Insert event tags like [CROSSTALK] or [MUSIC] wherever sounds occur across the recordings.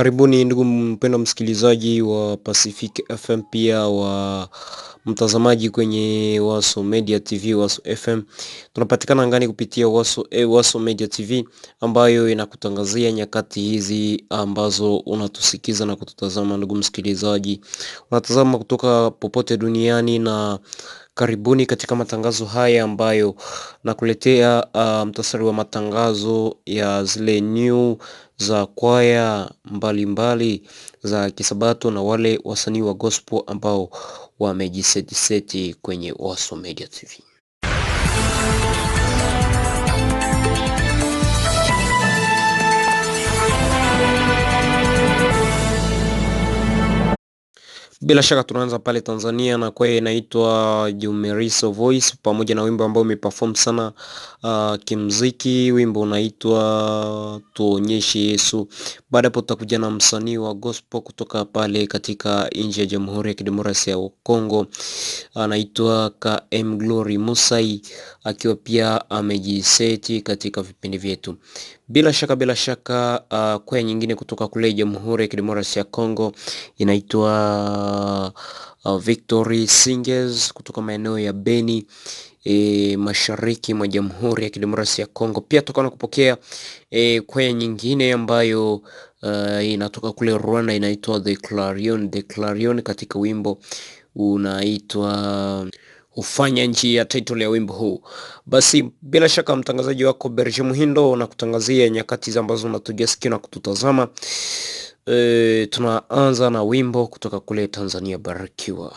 Karibuni ndugu mpendo msikilizaji wa Pacific FM, pia wa mtazamaji kwenye Waso Media TV, Waso FM. Tunapatikana ngani kupitia Waso, eh, Waso Media TV ambayo inakutangazia nyakati hizi ambazo unatusikiza na kututazama. Ndugu msikilizaji, unatazama kutoka popote duniani na Karibuni katika matangazo haya ambayo nakuletea uh, mtasari wa matangazo ya zile new za kwaya mbalimbali mbali za Kisabato na wale wasanii wa gospel ambao wamejisetiseti kwenye Waso Media TV. Bila shaka tunaanza pale Tanzania na kwaya inaitwa Jumeriso Voice pamoja na wimbo ambao umeperform sana uh, kimziki. Wimbo unaitwa Tuonyeshe Yesu. Baada hapo, tutakuja na msanii wa gospel kutoka pale katika nje ya Jamhuri ya Kidemokrasia ya Kongo, anaitwa KM Glory Musai akiwa pia amejiseti katika vipindi vyetu. Bila shaka bila shaka, uh, kwaya nyingine kutoka kule Jamhuri ya Kidemokrasia ya Kongo inaitwa uh, Victory Singers kutoka maeneo ya Beni e, mashariki mwa Jamhuri ya Kidemokrasia ya Kongo. Pia tokana na kupokea e, kwaya nyingine ambayo uh, inatoka kule Rwanda inaitwa The Clarion. The Clarion katika wimbo unaitwa hufanya nchi ya title ya wimbo huu. Basi bila shaka mtangazaji wako Berge Muhindo na kutangazia nyakati ambazo unatega sikio na kututazama. E, tunaanza na wimbo kutoka kule Tanzania, Barikiwa.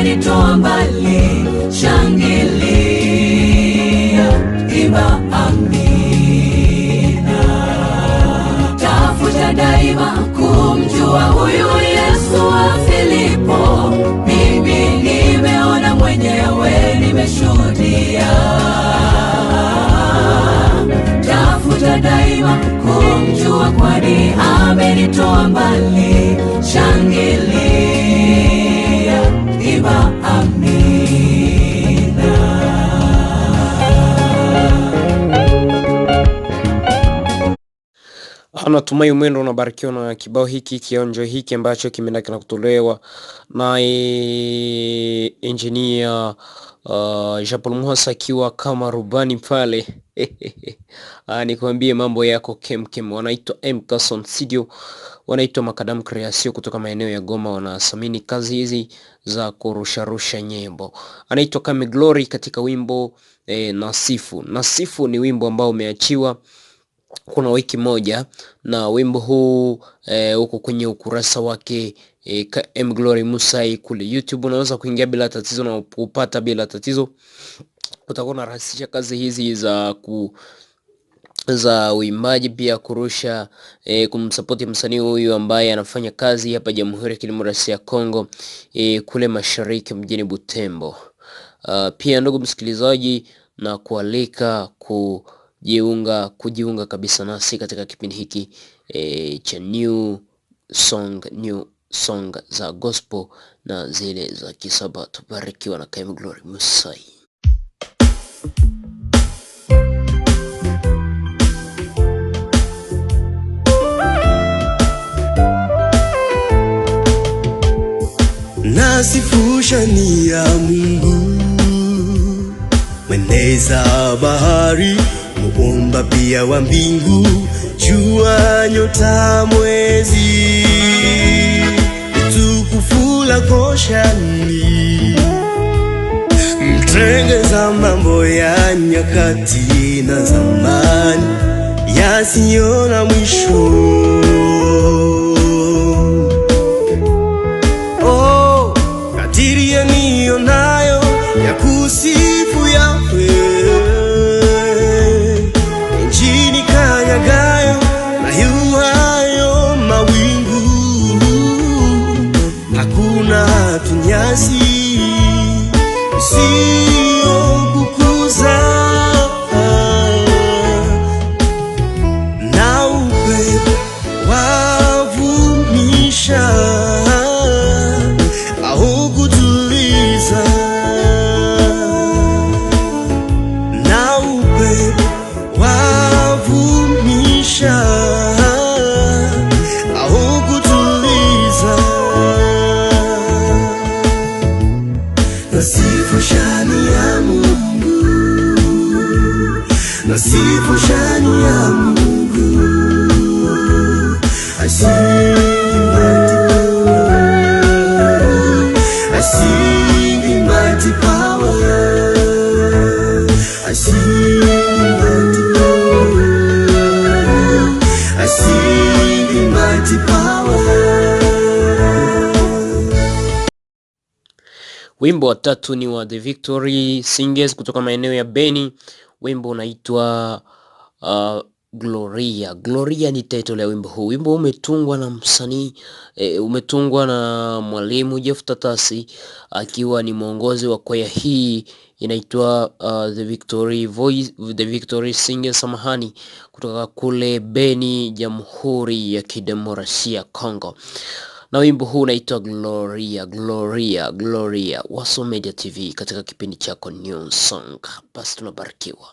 umenitoa mbali, shangilia, imba amina, tafuta daima kumjua huyu Yesu wa Filipo. Mimi nimeona mwenyewe, nimeshuhudia, tafuta daima kumjua, kwani amenitoa mbali, shangilia Natumai mwendo unabarikiwa na kibao hiki kionjo hiki ambacho kimeenda kinakutolewa naye engineer uh, Jean Paul Muhasa akiwa kama rubani pale [LAUGHS] ah, nikwambie mambo yako kemkem. Wanaitwa M Carson Studio, wanaitwa Makadam Creation kutoka maeneo ya Goma, wanasamini kazi hizi za kurusharusha nyimbo. Anaitwa Kame Glory katika wimbo eh, Nasifu. Nasifu ni wimbo ambao umeachiwa kuna wiki moja na wimbo huu eh, uko kwenye ukurasa wake eh, M Glory Musai kule YouTube, unaweza kuingia bila tatizo na upata bila tatizo. Utakuwa unarahisisha kazi hizi za ku za uimbaji pia kurusha e, kumsapoti msanii huyu ambaye anafanya kazi hapa Jamhuri ya Kidemokrasia ya Kongo e, kule mashariki mjini Butembo. Uh, pia ndugu msikilizaji na kualika ku jiunga kujiunga kabisa nasi katika kipindi hiki e, cha new song, new song za gospel na zile za kisaba tubarikiwa na Kaimu Glory Musai. Nasifusha ni ya Mungu mweneza bahari Bomba pia wa mbingu, jua, nyota, mwezi, tukufu lako shani, mtenge za mambo ya nyakati na zamani yasiyo na mwisho. shani ya Mungu Wimbo wa tatu ni wa The Victory Singers kutoka maeneo ya Beni wimbo unaitwa uh, Gloria. Gloria ni title ya wimbo huu. Wimbo umetungwa na msanii e, umetungwa na mwalimu Jeff Tatasi akiwa ni mwongozi wa kwaya hii inaitwa uh, The Victory Voice, The Victory Singer samahani, kutoka kule Beni, Jamhuri ya Kidemokrasia Kongo na wimbo huu unaitwa Gloria, Gloria, Gloria. Waso Media TV katika kipindi chako New Song, basi tunabarikiwa.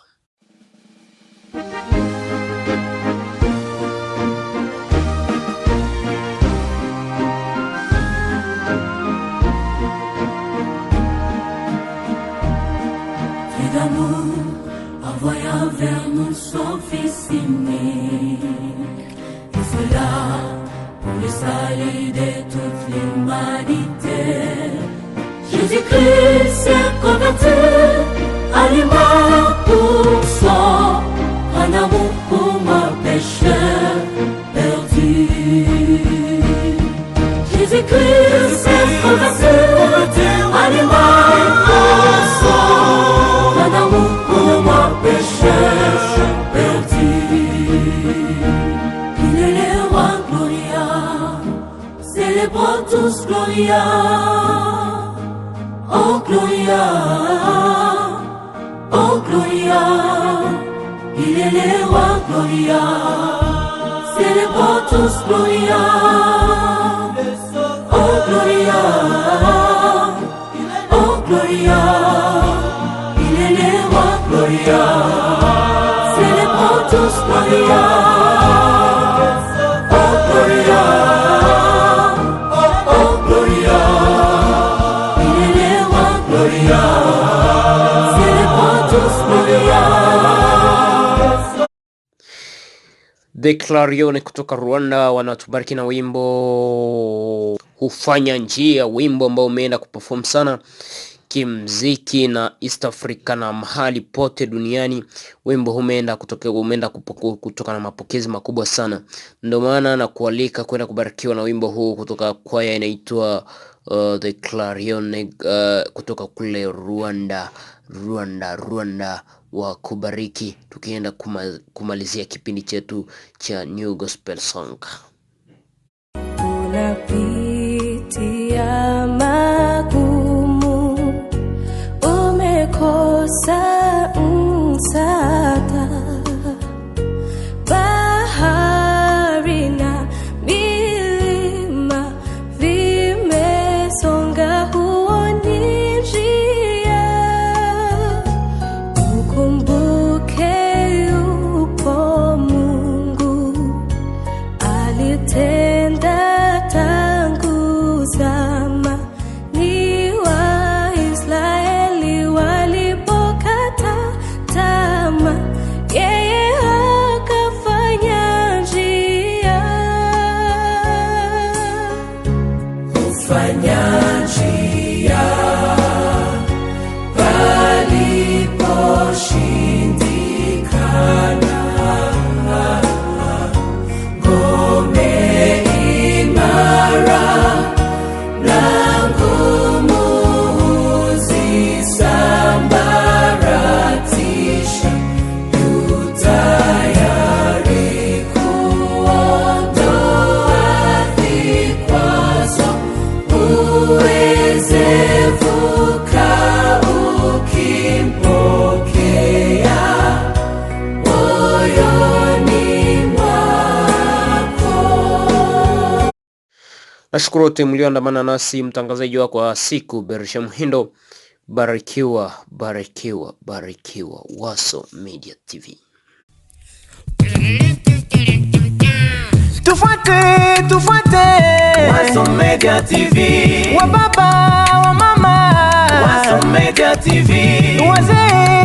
D'amour, Salut de toute l'humanité. Jésus-Christ s'est converti à l'humain pour soi, Un amour pour ma péché Oh Gloria, oh Gloria, il est le roi Gloria, célébrons tous Gloria. Oh Gloria, oh Gloria, il est le roi Gloria. Clarion kutoka Rwanda wanatubariki na wimbo hufanya njia, wimbo ambao umeenda kuperform sana kimziki na East Africa na mahali pote duniani, wimbo umeenda kutoka, umeenda kutoka na mapokezi makubwa sana. Ndio maana nakualika kwenda kubarikiwa na wimbo huu kutoka kwaya inaitwa uh, The Clarion uh, kutoka kule Rwanda, Rwanda, Rwanda wa kubariki, tukienda kuma, kumalizia kipindi chetu cha New Gospel Song. Unapitia out. Nashukuru wote mlioandamana nasi, mtangazaji wako wa siku Berisha Muhindo. Barikiwa, barikiwa, barikiwa. Waso Media TV. Tufuate, tufuate. Waso Media TV. Wa baba, wa mama. Waso Media TV. Wazee